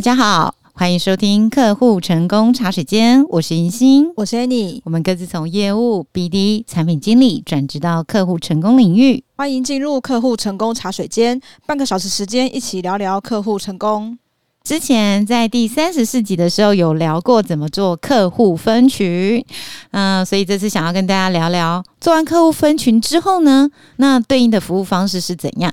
大家好，歡迎收聽客戶成功茶水間。我是銀星，我是 Annie。我們各自從業務、BD、產品經理轉職到客戶成功領域。歡迎進入客戶成功茶水間，半個小時時間一起聊聊客戶成功。之前在第三十四集的時候有聊過怎麼做客戶分群，嗯、呃，所以這次想要跟大家聊聊，做完客戶分群之後呢，那對應的服務方式是怎樣？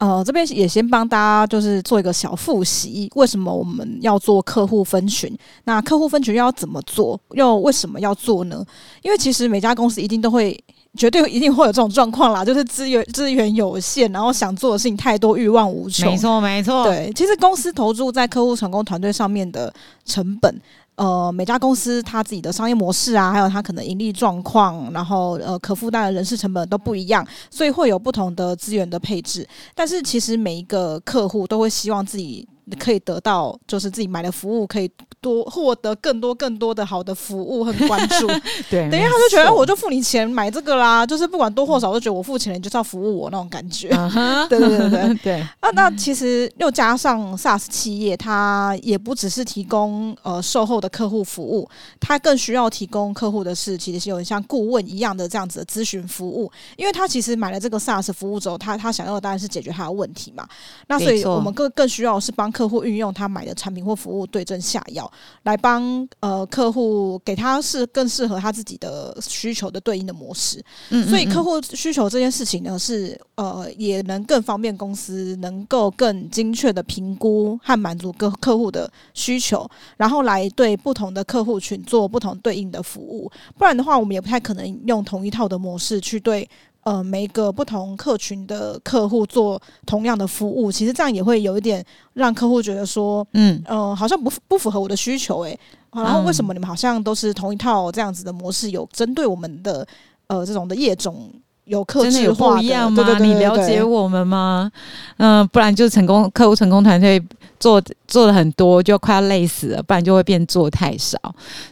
呃，這邊也先幫大家就是做一個小複習，為什麼我們要做客戶分群？那客戶分群要怎麼做？又為什麼要做呢？因為其實每家公司一定都會，絕對一定會有這種狀況啦，就是資源資源有限，然後想做的事情太多，欲望無窮。沒錯，沒錯。對，其實公司投注在客戶成功團隊上面的成本。呃，每家公司它自己的商業模式啊，還有它可能盈利狀況，然後呃，可負擔的人事成本都不一樣，所以會有不同的資源的配置。但是其實每一個客戶都會希望自己。可以得到就是自己買的服務，可以多獲得更多、更多的好的服務和關注。 對，等於他就覺得我就付你錢買這個啦，就是不管多或少，就覺得我付錢了，你就是要服務我那種感覺。對、uh-huh、對對對。啊， 那其實又加上 SaaS 企業，它也不只是提供呃售後的客戶服務，它更需要提供客戶的是，其實是有點像顧問一樣的這樣子的諮詢服務。因為他其實買了這個 SaaS 服務之後，他他想要的當然是解決他的問題嘛。那所以我們更更需要的是幫客客戶運用他買的產品或服務對症下藥，來幫呃客戶給他是更適合他自己的需求的對應的模式。嗯嗯嗯，所以客戶需求這件事情呢，是呃也能更方便公司能夠更精確的評估和滿足各客戶的需求，然後來對不同的客戶群做不同對應的服務。不然的話，我們也不太可能用同一套的模式去對。呃，每一個不同客群的客戶做同樣的服務，其實這樣也會有一點讓客戶覺得說，嗯，呃，好像不不符合我的需求、欸，哎、啊，然後為什麼你們好像都是同一套這樣子的模式，有針對我們的呃這種的業種有客製化的不一樣嗎？對對對對對？你了解我們嗎？嗯、呃，不然就成功客戶成功團隊。做做了很多，就快要累死了，不然就會變做太少。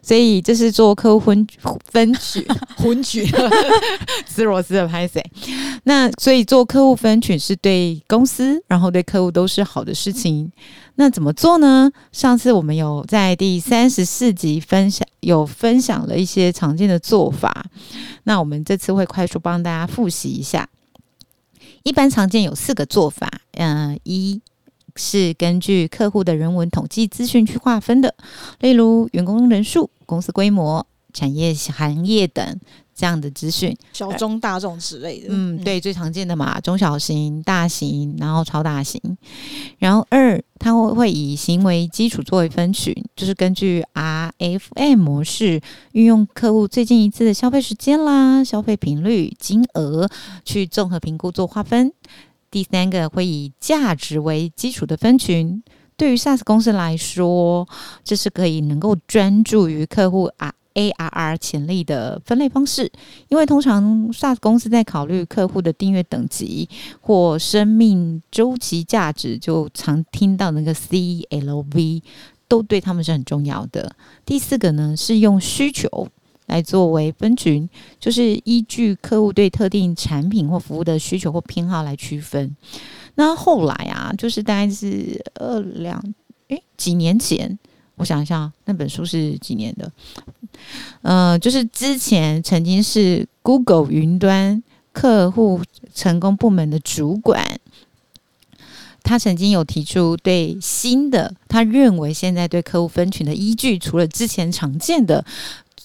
所以這是做客戶分分群，分群，是 分群 羅斯的拍攝。那所以做客戶分群是對公司，然後對客戶都是好的事情。那怎麼做呢？上次我們有在第三十四集分享，有分享了一些常見的做法。那我們這次會快速幫大家複習一下。一般常見有四個做法，嗯、呃，一。是根據客戶的人文統計資訊去劃分的，例如員工人數、公司規模、產業行業等這樣的資訊，小中大眾之類的。嗯，對，最常見的嘛，中小型、大型，然後超大型。然後二，它會會以行為基礎作為分群，就是根據 R F M 模式，運用客戶最近一次的消費時間啦、消費頻率、金額去綜合評估做劃分。第三個會以價值為基礎的分群，對於 SaaS 公司來說，這是可以能夠專注於客戶啊 ARR 潛力的分類方式。因為通常 SaaS 公司在考慮客戶的訂閱等級或生命周期價值，就常聽到那個 CLV，都對他們是很重要的。第四個呢，是用需求。來作為分群，就是依據客戶對特定產品或服務的需求或偏好來區分。那後來啊，就是大概是二兩，誒、嗯，幾年前，我想一下，那本書是幾年的？嗯、呃，就是之前曾經是 Google 雲端客戶成功部門的主管，他曾經有提出對新的，他認為現在對客戶分群的依據，除了之前常見的，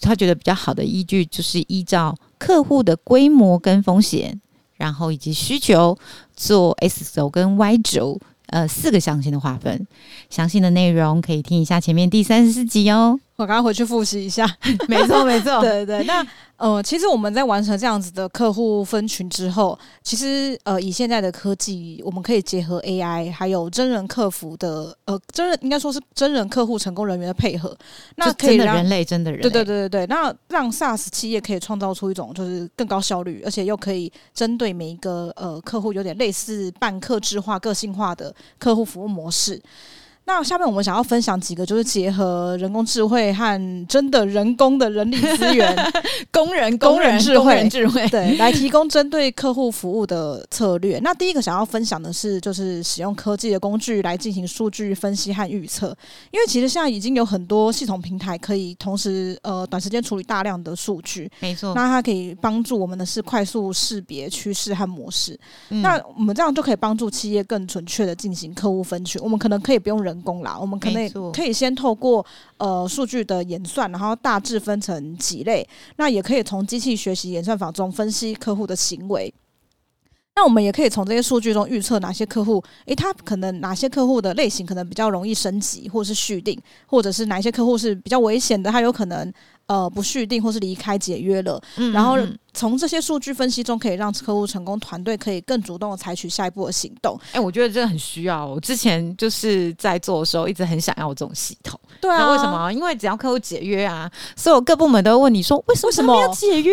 他覺得比較好的依據就是依照客戶的規模跟風險，然後以及需求做 S 軸跟 Y 軸呃四個象限的劃分。詳細的內容可以聽一下前面第三十四集哦。我剛剛回去複習一下。 沒錯，沒錯，對 對對。那。呃，其實我們在完成這樣子的客戶分群之後，其實呃，以現在的科技，我們可以結合 AI 還有真人客服的，呃，真人應該說是真人客戶成功人員的配合，那可以讓，真的人類，真的人類，對對對對對，那讓 SaaS 企業可以創造出一種就是更高效率，而且又可以針對每一個呃客戶有點類似半客制化個性化的客戶服務模式。那下面我們想要分享幾個，就是結合人工智慧和真的人工的人力資源 工人工工人工、工人、工人智慧。對，來提供針對客戶服務的策略。 那第一個想要分享的是，就是使用科技的工具來進行數據分析和預測，因為其實現在已經有很多系統平台可以同時呃短時間處理大量的數據，沒錯。那它可以幫助我們的是快速識別趨勢和模式。嗯。那我們這樣就可以幫助企業更準確的進行客戶分群，我們可能可以不用人。功勞，我們可能可以先透過呃數據的演算，然後大致分成幾類。那也可以從機器學習演算法中分析客戶的行為。那我們也可以從這些數據中預測哪些客戶，誒、欸，他可能哪些客戶的類型可能比較容易升級，或是續訂，或者是哪些客戶是比較危險的，他有可能。呃，不續訂或是離開解約了，嗯，然後從這些數據分析中可以讓客戶成功團隊可以更主動的採取下一步的行動。哎，欸，我覺得這個很需要。我之前就是在做的時候，一直很想要這種系統。對啊，為什麼？因為只要客戶解約啊，所有各部門都問你說：“為什麼？為什麼要解約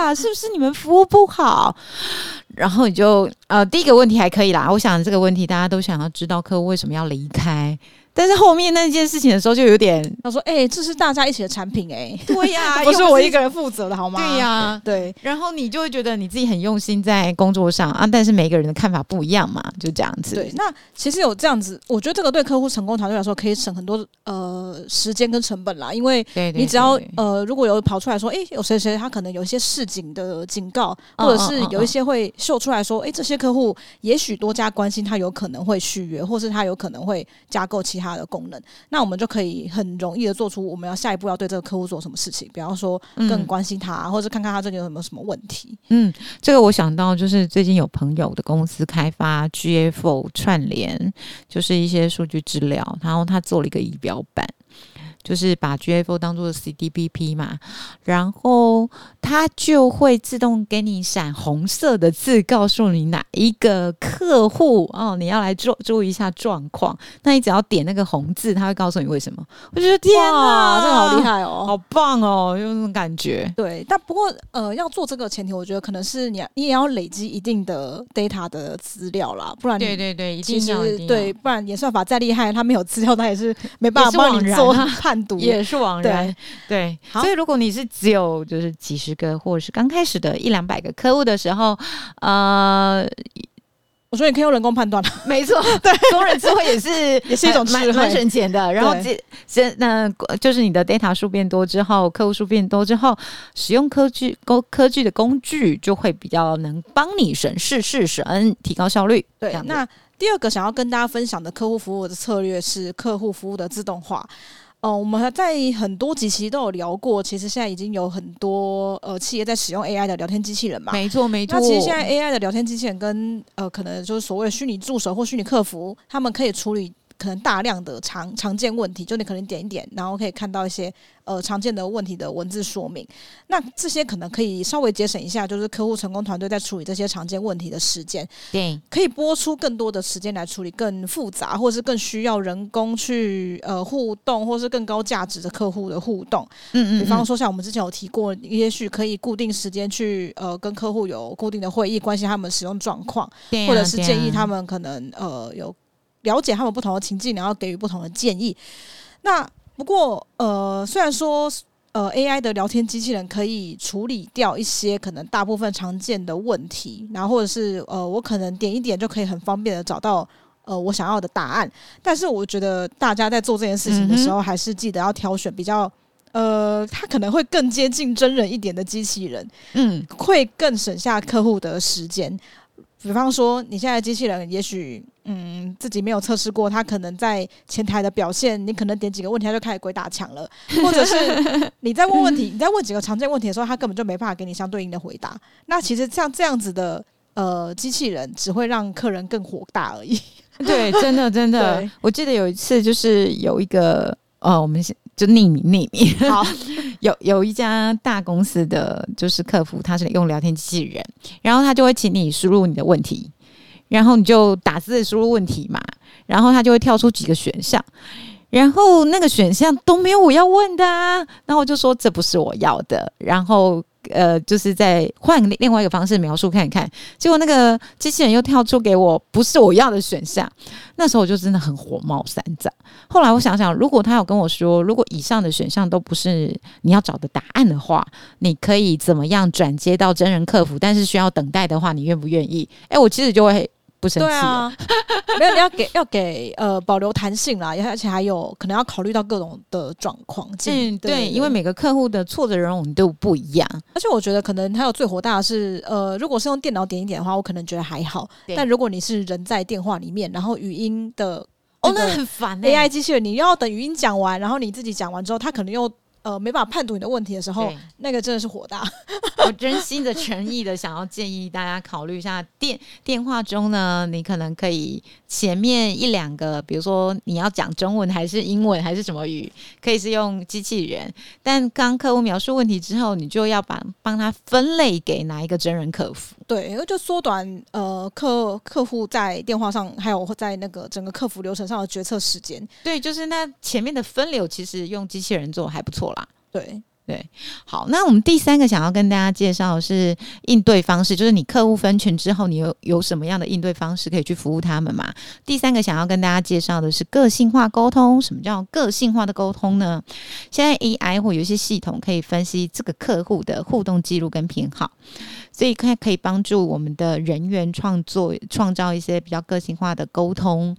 啊？ 是不是你們服務不好？”然後你就。呃，第一個問題還可以啦。我想這個問題大家都想要知道客戶為什麼要離開，但是後面那件事情的時候就有點，他說：“哎、欸，這是大家一起的產品、欸，哎，對呀、啊， 不是我一個人負責的好嗎？”對呀、啊，對。然後你就會覺得你自己很用心在工作上啊，但是每個人的看法不一樣嘛，就這樣子。對，那其實有這樣子，我覺得這個對客戶成功團隊來說可以省很多呃時間跟成本啦，因為你只要，對對對，呃，如果有跑出來說，哎、欸，有誰誰他可能有一些示警的警告，或者是有一些會秀出來說，哎、欸，這些。客戶也許多加關心，他有可能會續約，或是他有可能會加購其他的功能。那我們就可以很容易的做出我們要下一步要對這個客戶做什麼事情，比方說更關心他，嗯、或者看看他這裡有沒有什麼問題。嗯，這個我想到就是最近有朋友的公司開發 GFO 串聯，就是一些數據資料，然後他做了一個儀表板。就是把 GFO 當做 CDPP 嘛，然後它就會自動給你閃紅色的字，告訴你哪一個客戶哦，你要來注注意一下狀況。那你只要點那個紅字，它會告訴你為什麼。我覺得天啊，真、這個好厲害哦，好棒哦，有那種感覺。對，但不過呃，要做這個前提，我覺得可能是你你也要累積一定的 data 的資料啦，不然對對對，其實對，不然演算法再厲害，他沒有資料，他也是沒辦法幫你做判。 也是枉然， 對，對，所以如果你是只有就是幾十個或者是剛開始的一兩百個客戶的時候，呃，我說你可以用人工判斷， 沒錯，對，工人智慧也是 也是一種蠻省錢的。然後，先那、呃、就是你的 data 數變多之後，客戶數變多之後，使用科技工科技的工具就會比較能幫你省事事省，提高效率。對，那第二個想要跟大家分享的客戶服務的策略是客戶服務的自動化。哦、呃，我們還在很多幾期都有聊過，其實現在已經有很多呃企業在使用 AI 的聊天機器人嘛。沒錯，沒錯。那其實現在 AI 的聊天機器人跟呃，可能就是所謂的虛擬助手或虛擬客服，他們可以處理。可能大量的常常見問題，就你可能點一點，然後可以看到一些呃常見的問題的文字說明。那這些可能可以稍微節省一下，就是客戶成功團隊在處理這些常見問題的時間，對，可以撥出更多的時間來處理更複雜，或是更需要人工去呃互動，或是更高價值的客戶的互動。嗯嗯、嗯。比方說，像我們之前有提過，也許可以固定時間去呃跟客戶有固定的會議，關心他們使用狀況、啊，或者是建議他們可能、啊、呃有。了解他們不同的情境，然後給予不同的建議。那不過，呃，雖然說，呃，AI 的聊天機器人可以處理掉一些可能大部分常見的問題，然後或者是，呃，我可能點一點就可以很方便的找到，呃，我想要的答案。但是，我覺得大家在做這件事情的時候，還是記得要挑選比較，呃，它可能會更接近真人一點的機器人。嗯，會更省下客戶的時間。比方說，你現在機器人也許。嗯，自己沒有測試過，他可能在前台的表現，你可能點幾個問題，他就開始鬼打牆了，或者是你在問問題，你在問幾個常見問題的時候，他根本就沒辦法給你相對應的回答。那其實像這樣子的呃機器人，只會讓客人更火大而已。對，真的真的，我記得有一次就是有一個呃、哦，我們先就匿名匿名，好，有有一家大公司的就是客服，他是用聊天機器人，然後他就會請你輸入你的問題。然後你就打字輸入問題嘛，然後他就會跳出幾個選項，然後那個選項都沒有我要問的啊，那我就說這不是我要的，然後呃，就是再換另外一個方式描述看看，結果那個機器人又跳出給我不是我要的選項，那時候我就真的很火冒三丈。後來我想想，如果他有跟我說，如果以上的選項都不是你要找的答案的話，你可以怎麼樣轉接到真人客服，但是需要等待的話，你願不願意？誒，我其實就會。不對啊？ 沒有，你要給要給呃保留彈性啦，而且還有可能要考慮到各種的狀況。嗯對，對，因為每個客戶的錯人容忍都不一樣，而且我覺得可能還有最火大的是呃，如果是用電腦點一點的話，我可能覺得還好，但如果你是人在電話裡面，然後語音的哦，那很煩 AI 機器人，你要等語音講完，然後你自己講完之後，他可能又。呃，沒辦法判讀你的問題的時候，那個真的是火大。 我真心的、誠意的想要建議大家考慮一下。電電話中呢，你可能可以前面一兩個，比如說你要講中文還是英文還是什麼語，可以是用機器人。但剛客戶描述問題之後，你就要把幫他分類給哪一個真人客服。對，然後就縮短呃客客戶在電話上還有在那個整個客服流程上的決策時間。對，就是那前面的分流其實用機器人做還不錯了。對對，好，那我們第三個想要跟大家介紹的是應對方式，就是你客戶分群之後，你有有什麼樣的應對方式可以去服務他們嘛？第三個想要跟大家介紹的是個性化溝通。什麼叫個性化的溝通呢？現在 AI 或有些系統可以分析這個客戶的互動記錄跟偏好。這一塊可以幫助我們的人員創作、創造一些比較個性化的溝通，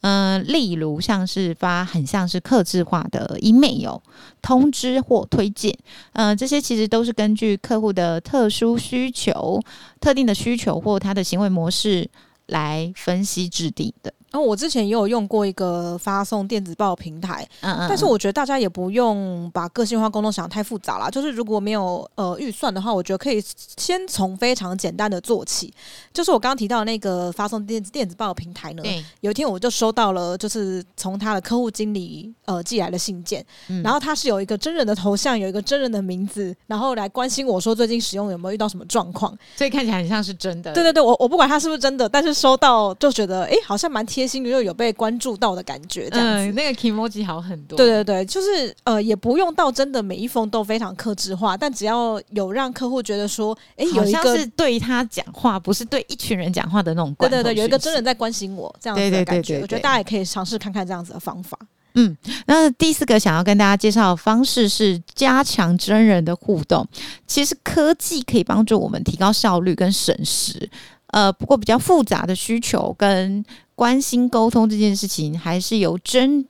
嗯、呃，例如像是發很像是客製化的 email 通知或推薦，嗯、呃，這些其實都是根據客戶的特殊需求、特定的需求或他的行為模式來分析制定的。然、哦、後我之前也有用過一個發送電子報平台，嗯，嗯，但是我覺得大家也不用把個性化功能想得太複雜啦。就是如果沒有呃預算的話，我覺得可以先從非常簡單的做起。就是我剛剛提到的那個發送電子電子報的平台呢、欸，有一天我就收到了，就是從他的客戶經理呃寄來的信件、嗯，然後他是有一個真人的頭像，有一個真人的名字，然後來關心我說最近使用有沒有遇到什麼狀況，所以看起來很像是真的。對對對，我我不管他是不是真的，但是收到就覺得哎、欸，好像蠻貼。心裡又有被關注到的感覺，這樣子那個 kimochi 好很多。對對對，就是呃，也不用到真的每一封都非常客製化，但只要有讓客戶覺得說，哎，有一個是對他講話，不是對一群人講話的那種，對對對，有一個真人在關心我這樣子的感覺。我覺得大家也可以嘗試看看這樣子的方法。嗯，那第四個想要跟大家介紹的方式是加強真人的互動。其實科技可以幫助我們提高效率跟省時，呃，不過比較複雜的需求跟關心溝通這件事情，還是由真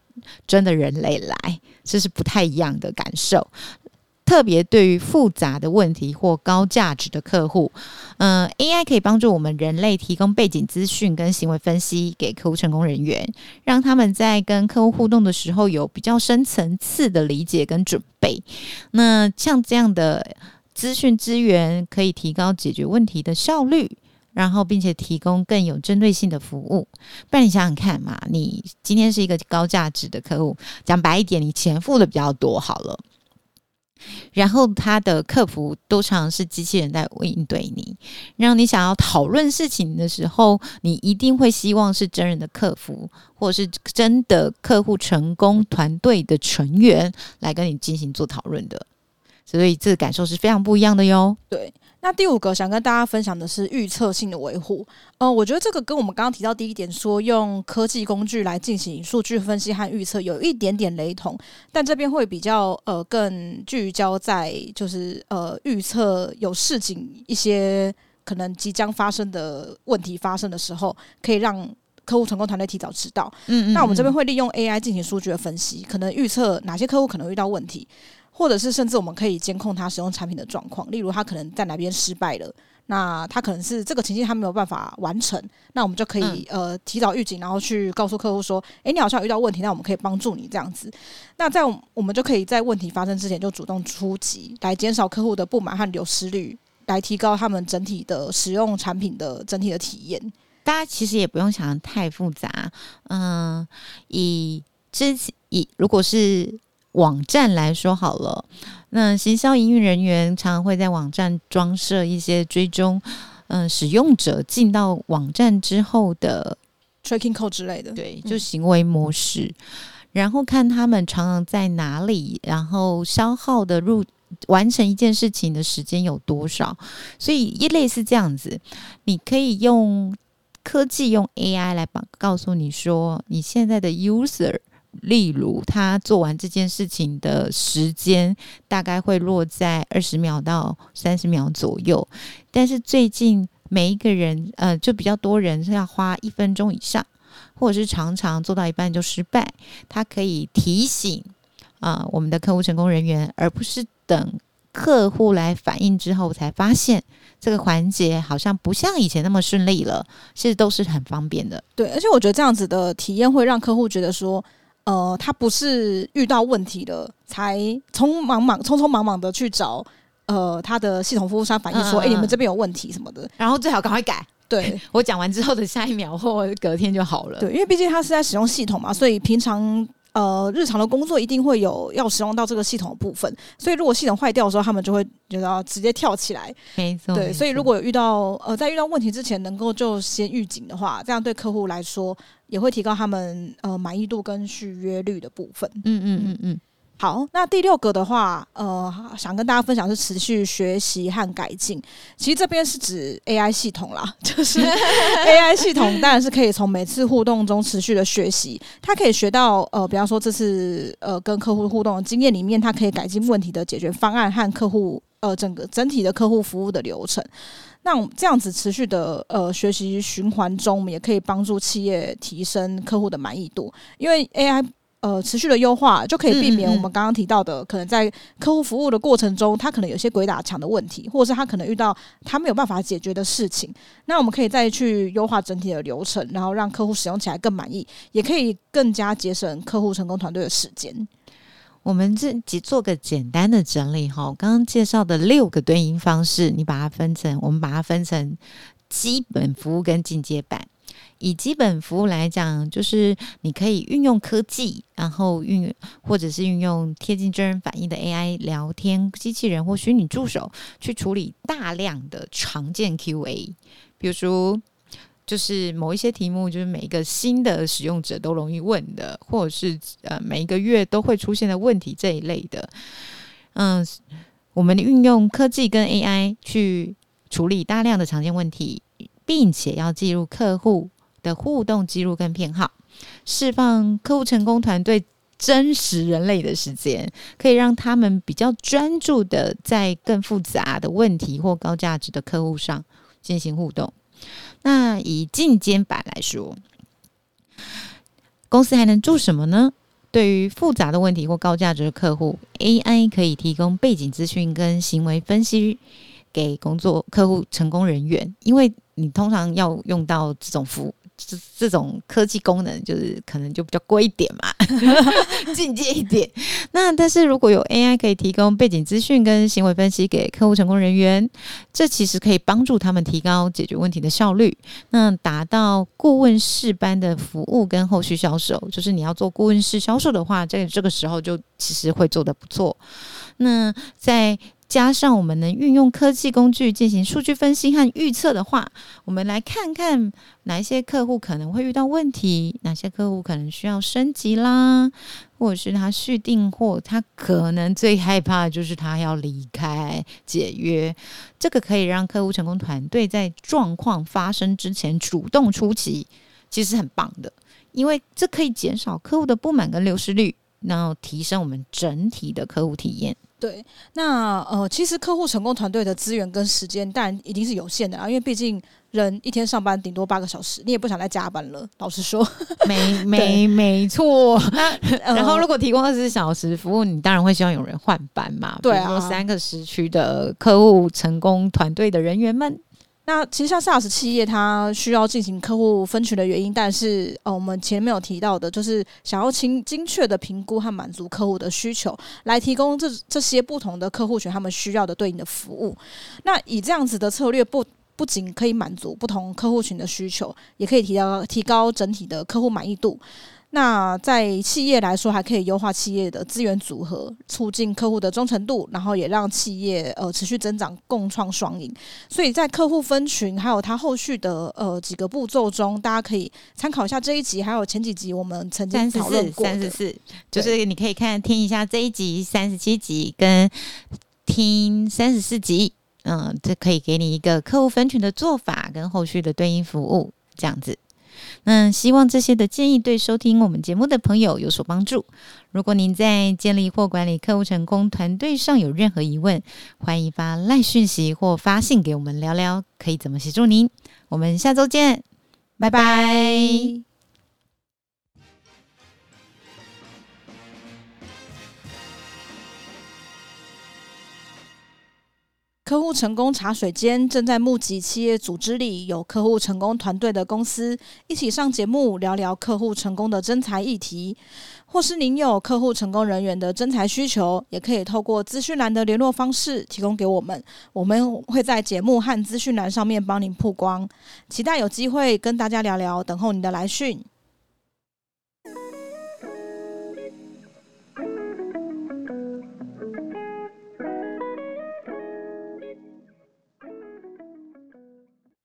真的人類來，這是不太一樣的感受。特別對於複雜的問題或高價值的客戶，嗯、呃，AI 可以幫助我們人類提供背景資訊跟行為分析給客戶成功人員，讓他們在跟客戶互動的時候有比較深層次的理解跟準備。那像這樣的資訊資源，可以提高解決問題的效率。然後，並且提供更有針對性的服務，不然你想想看嘛，你今天是一個高價值的客戶，講白一點，你錢付的比較多好了。然後他的客服都常常是機器人在應對你，讓你想要討論事情的時候，你一定會希望是真人的客服，或者是真的客戶成功團隊的成員來跟你進行做討論的，所以這個感受是非常不一樣的喲。對。那第五個想跟大家分享的是預測性的維護，嗯、呃，我覺得這個跟我們剛剛提到第一點說用科技工具來進行數據分析和預測有一點點雷同，但這邊會比較呃更聚焦在就是呃預測有事情一些可能即將發生的問題發生的時候，可以讓客戶成功團隊提早知道。嗯，嗯嗯。那我們這邊會利用 AI 進行數據的分析，可能預測哪些客戶可能遇到問題。或者是甚至我們可以監控他使用產品的狀況，例如他可能在哪邊失敗了，那他可能是這個情境他沒有辦法完成，那我們就可以、嗯、呃提早預警，然後去告訴客戶說，誒、欸，你好像有遇到問題，那我們可以幫助你這樣子。那在我們，我們就可以在問題發生之前就主動出擊，來減少客戶的不滿和流失率，來提高他們整體的使用產品的整體的體驗。大家其實也不用想得太複雜，嗯，以之前以如果是。網站來說好了，那行銷營運人員常常會在網站裝設一些追蹤，嗯，使用者進到網站之後的 tracking code 之類的，對，就行為模式、嗯，然後看他們常常在哪裡，然後消耗的入完成一件事情的時間有多少，所以一類是這樣子，你可以用科技用 AI 來把告訴你說，你現在的 user。例如，他做完這件事情的時間大概會落在二十秒到三十秒左右，但是最近每一個人呃，就比較多人是要花一分鐘以上，或者是常常做到一半就失敗。他可以提醒啊，呃，我們的客戶成功人員，而不是等客戶來反應之後才發現這個環節好像不像以前那麼順利了。其實都是很方便的。對，而且我覺得這樣子的體驗會讓客戶覺得說。呃，他不是遇到問題了才匆忙忙，匆匆忙忙的去找呃他的系統服務商反映說：“哎，嗯嗯欸，你們這邊有問題什麼的，”然後最好趕快改。對我講完之後的下一秒或隔天就好了。對，因為畢竟他是在使用系統嘛，所以平常呃日常的工作一定會有要使用到這個系統的部分。所以如果系統壞掉的時候，他們就會覺得直接跳起來。沒錯。對，所以如果遇到呃在遇到問題之前能夠就先預警的話，這樣對客戶來說。也會提高他們呃滿意度跟續約率的部分。嗯嗯嗯嗯，好，那第六個的話，呃，想跟大家分享是持續學習和改進。其實這邊是指 AI 系統啦，就是 AI 系統當然是可以從每次互動中持續的學習，它可以學到呃，比方說這次呃跟客戶互動的經驗裡面，它可以改進問題的解決方案和客戶。呃，整個整體的客戶服務的流程，那這樣子持續的呃學習循環中，我們也可以幫助企業提升客戶的滿意度。因為 AI 呃持續的優化，就可以避免我們剛剛提到的，嗯嗯嗯，可能在客戶服務的過程中，他可能有些鬼打牆的問題，或者是他可能遇到他沒有辦法解決的事情。那我們可以再去優化整體的流程，然後讓客戶使用起來更滿意，也可以更加節省客戶成功團隊的時間。我們自己做個簡單的整理哈，剛剛介紹的六個對應方式，你把它分成，我們把它分成基本服務跟進階版。以基本服務來講，就是你可以運用科技，然後運用或者是運用貼近真人反應的 AI 聊天機器人或虛擬助手，去處理大量的常見 QA，比如說。就是某一些題目，就是每一個新的使用者都容易問的，或者是呃每一個月都會出現的問題這一類的。嗯，我們運用科技跟 AI 去處理大量的常見問題，並且要記錄客戶的互動記錄跟偏好，釋放客戶成功團隊真實人類的時間，可以讓他們比較專注地在更複雜的問題或高價值的客戶上進行互動。那以進階版來說，公司還能做什麼呢？對於複雜的問題或高價值的客戶，AI 可以提供背景資訊跟行為分析給工作客戶成功人員，因為你通常要用到這種服務。這這種科技功能，就是可能就比較貴一點嘛， 進階一點。那但是如果有 AI 可以提供背景資訊跟行為分析給客戶成功人員，這其實可以幫助他們提高解決問題的效率。那達到顧問式般的服務跟後續銷售，就是你要做顧問式銷售的話，在、這個、這個時候就其實會做得不錯。那在加上我們能運用科技工具進行數據分析和預測的話，我們來看看哪一些客戶可能會遇到問題，哪些客戶可能需要升級啦，或者是他續訂或他可能最害怕的就是他要離開解約，這個可以讓客戶成功團隊在狀況發生之前主動出擊，其實很棒的，因為這可以減少客戶的不滿跟流失率，然後提升我們整體的客戶體驗。對，那呃，其實客戶成功團隊的資源跟時間，當然一定是有限的啦，因為畢竟人一天上班頂多八個小時，你也不想再加班了。老實說， 沒沒沒錯。 然後如果提供二十四小時服務，你當然會希望有人換班嘛。對啊，比如說三個時區的客戶成功團隊的人員們。那其實像 SaaS 企業，它需要進行客戶分群的原因，但是哦，我們前面有提到的，就是想要精精確的評估和滿足客戶的需求，來提供這這些不同的客戶群他們需要的對應的服務。那以這樣子的策略，不不僅可以滿足不同客戶群的需求，也可以提高提高整體的客戶滿意度。那在企業來說，還可以優化企業的資源組合，促進客戶的忠誠度，然後也讓企業呃持續增長，共創雙贏。所以在客戶分群還有它後續的呃幾個步驟中，大家可以參考一下這一集，還有前幾集我們曾經討論過三十四，34, 34, 就是你可以看聽一下這一集三十七集跟聽三十四集，嗯，這可以給你一個客戶分群的做法跟後續的對應服務這樣子。那希望這些的建議對收聽我們節目的朋友有所幫助。如果您在建立或管理客戶成功團隊上有任何疑問，歡迎發 LINE 訊息或發信給我們聊聊，可以怎麼協助您。我們下周見，拜拜。拜拜。客戶成功茶水間正在募集企業組織裡有客戶成功團隊的公司，一起上節目聊聊客戶成功的徵才議題，或是您有客戶成功人員的徵才需求，也可以透過資訊欄的聯絡方式提供給我們，我們會在節目和資訊欄上面幫您曝光，期待有機會跟大家聊聊，等候您的來訊。